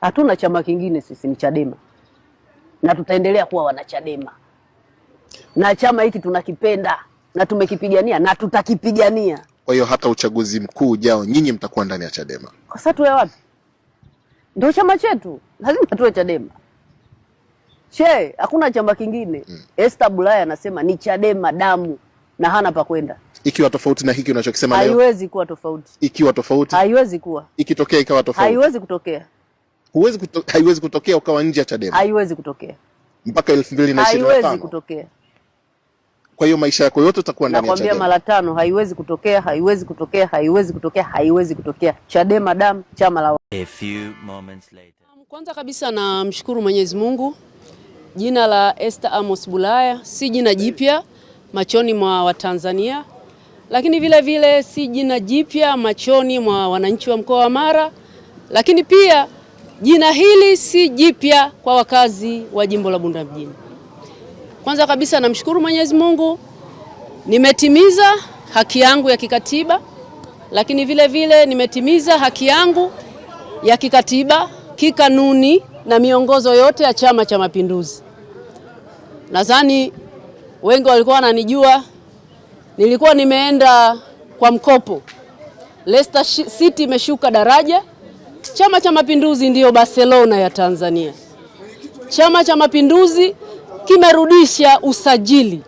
Hatuna chama kingine, sisi ni Chadema na tutaendelea kuwa wanachadema, na chama hiki tunakipenda na tumekipigania na tutakipigania. Kwa hiyo hata uchaguzi mkuu ujao nyinyi mtakuwa ndani ya Chadema. Kwa sasa tuwe wapi? Ndio chama chetu, lazima tuwe Chadema. Che, hakuna chama kingine mm. Esther Bulaya anasema ni Chadema damu na hana pa kwenda. Ikiwa tofauti na hiki unachokisema leo, haiwezi kuwa tofauti. Ikiwa tofauti, haiwezi kuwa. Ikitokea ikawa tofauti, haiwezi kutokea huwezi kuto, haiwezi kutokea ukawa nje ya Chadema, haiwezi kutokea mpaka 2025. Haiwezi tano kutokea. Kwa hiyo maisha yako yote utakuwa ndani ya Chadema. Nakwambia mara tano, haiwezi kutokea, haiwezi kutokea, haiwezi kutokea, haiwezi kutokea. Chadema dam chama la A few moments later. Um, kwanza kabisa namshukuru Mwenyezi Mungu, jina la Esther Amos Bulaya si jina jipya machoni mwa Watanzania, lakini vile vile si jina jipya machoni mwa wananchi wa mkoa wa Mara, lakini pia Jina hili si jipya kwa wakazi wa jimbo la Bunda mjini. Kwanza kabisa namshukuru Mwenyezi Mungu, nimetimiza haki yangu ya kikatiba, lakini vile vile nimetimiza haki yangu ya kikatiba, kikanuni na miongozo yote ya Chama cha Mapinduzi. Nadhani wengi walikuwa wananijua, nilikuwa nimeenda kwa mkopo. Leicester City imeshuka daraja Chama cha Mapinduzi ndiyo Barcelona ya Tanzania. Chama cha Mapinduzi kimerudisha usajili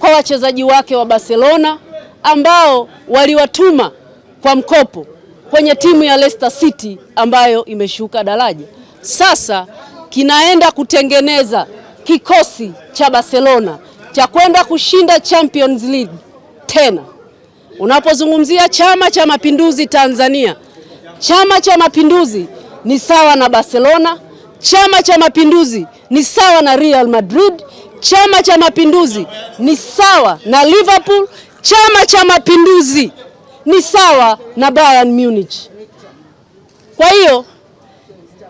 kwa wachezaji wake wa Barcelona ambao waliwatuma kwa mkopo kwenye timu ya Leicester City ambayo imeshuka daraja. Sasa kinaenda kutengeneza kikosi cha Barcelona cha kwenda kushinda Champions League tena. Unapozungumzia Chama cha Mapinduzi Tanzania Chama cha Mapinduzi ni sawa na Barcelona, Chama cha Mapinduzi ni sawa na Real Madrid, Chama cha Mapinduzi ni sawa na Liverpool, Chama cha Mapinduzi ni sawa na Bayern Munich. Kwa hiyo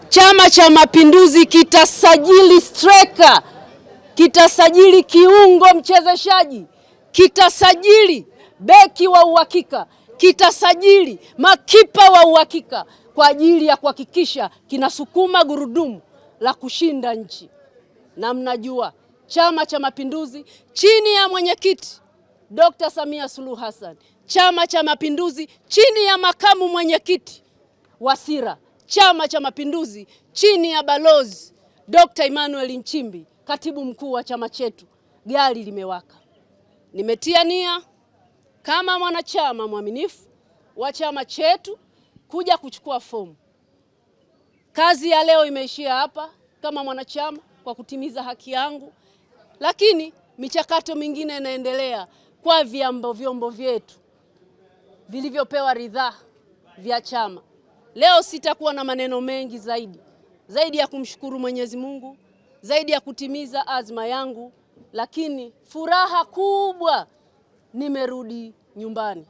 Chama cha Mapinduzi kitasajili striker, kitasajili kiungo mchezeshaji, kitasajili beki wa uhakika kitasajili makipa wa uhakika kwa ajili ya kuhakikisha kinasukuma gurudumu la kushinda nchi. Na mnajua Chama cha Mapinduzi chini ya mwenyekiti Dr. Samia Suluhu Hassan, Chama cha Mapinduzi chini ya makamu mwenyekiti Wasira, Chama cha Mapinduzi chini ya balozi Dr. Emmanuel Nchimbi, katibu mkuu wa chama chetu, gari limewaka. Nimetia nia kama mwanachama mwaminifu wa chama chetu kuja kuchukua fomu. Kazi ya leo imeishia hapa kama mwanachama kwa kutimiza haki yangu, lakini michakato mingine inaendelea kwa vyombo vyombo vyetu vilivyopewa ridhaa vya chama. Leo sitakuwa na maneno mengi zaidi zaidi ya kumshukuru Mwenyezi Mungu, zaidi ya kutimiza azma yangu, lakini furaha kubwa nimerudi nyumbani,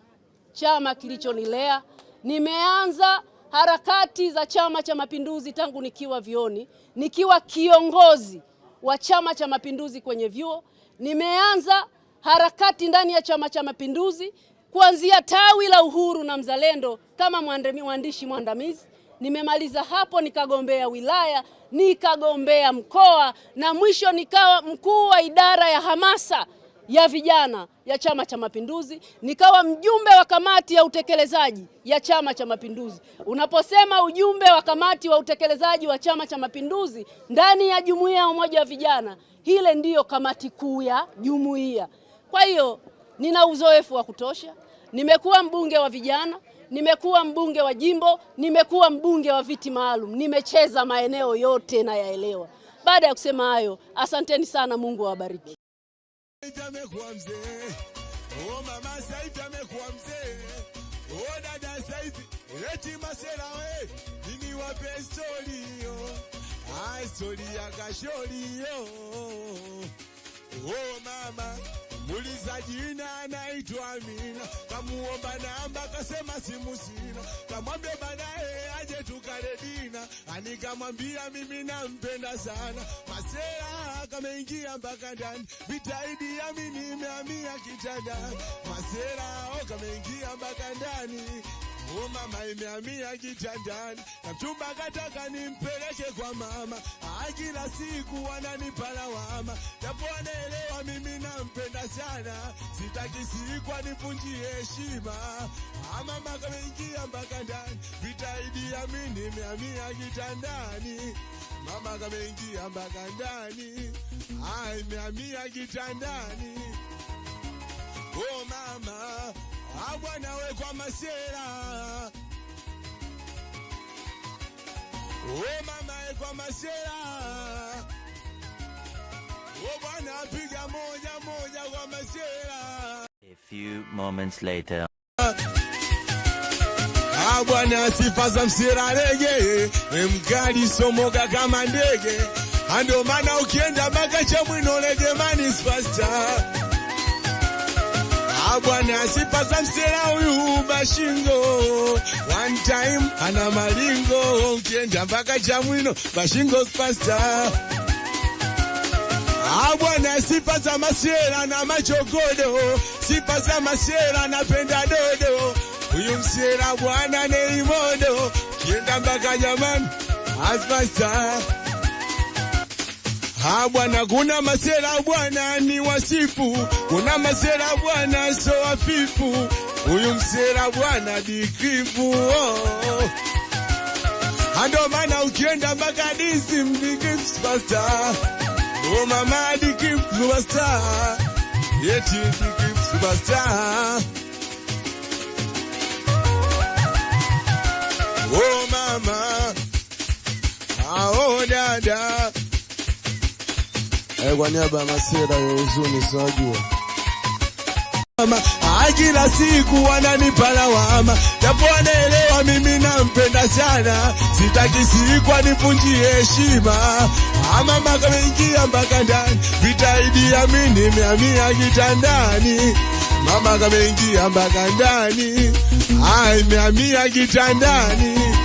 chama kilichonilea. Nimeanza harakati za Chama cha Mapinduzi tangu nikiwa vioni, nikiwa kiongozi wa Chama cha Mapinduzi kwenye vyuo. Nimeanza harakati ndani ya Chama cha Mapinduzi kuanzia tawi la Uhuru na Mzalendo kama mwandishi mwandamizi. Nimemaliza hapo nikagombea wilaya, nikagombea mkoa na mwisho nikawa mkuu wa idara ya hamasa ya vijana ya Chama cha Mapinduzi, nikawa mjumbe wa kamati ya utekelezaji ya Chama cha Mapinduzi. Unaposema ujumbe wa kamati wa utekelezaji wa Chama cha Mapinduzi ndani ya jumuiya ya umoja wa vijana, hile ndiyo kamati kuu ya jumuiya. Kwa hiyo nina uzoefu wa kutosha, nimekuwa mbunge wa vijana nimekuwa mbunge wa jimbo, nimekuwa mbunge wa viti maalum, nimecheza maeneo yote nayaelewa. Baada ya kusema hayo, asanteni sana. Mungu awabariki. Amekuwa mzee, oh mama Saidi amekuwa mzee, oh dada Saidi, eti masela we nini wape storio ai ah, storia kashorio oh mama Muuliza jina anaitwa Amina, kamuomba namba kasema simu sina, kamwambia baadaye aje tukale dina, anikamwambia mimi nampenda sana. Masela kameingia mpaka ndani, vitaidi amini imehamia kitandani. Masela oh, kameingia mpaka ndani Oh, mama imehamia kitanjani na mchumba kataka nimpeleke kwa mama. Akila siku wananipa lawama, japo anaelewa mimi nampenda sana, sitaki siku anipunjie heshima. Mama kameingia mpaka ndani, vitaidi amini nimehamia kitandani. Mama kameingia mpaka ndani, imehamia kitandani. Oh mama abwa nawe kwa masera o mamae kwa masera o apiga moja moja kwa masera. A few moments later. Bwana sifa za msera rege we mkali kama ndege, ndio ukienda maka cha mwino rege wakwana asi pasamusera uyu ubashingo one time ana malingo kuenda pakachamwino bashingo pasta abwana ah, sipa zamasiyela namajogodo sipa zamasiyela napenda dodo uyu msiyela bwana neimodo kienda mbakanyamani aspasta Ah bwana, kuna masela bwana ni wasifu, kuna masela bwana so afifu, huyu msela bwana dikifu oh. Ando ah, mana ukienda makanisi mdikifu superstar, oh mama dikifu yeti dikifu superstar oh mama, ah oh dada Eh, kwa niaba ya masera ya huzuni siwajua kila siku wananipa lawama, japo wanaelewa mimi nampenda sana, sitaki siku anipunjie heshima. Ah, mama kameingia mpaka ndani, vitaidi ami nimeamia kitandani. Mama kameingia mpaka ndani, ai ah, meamia kitandani.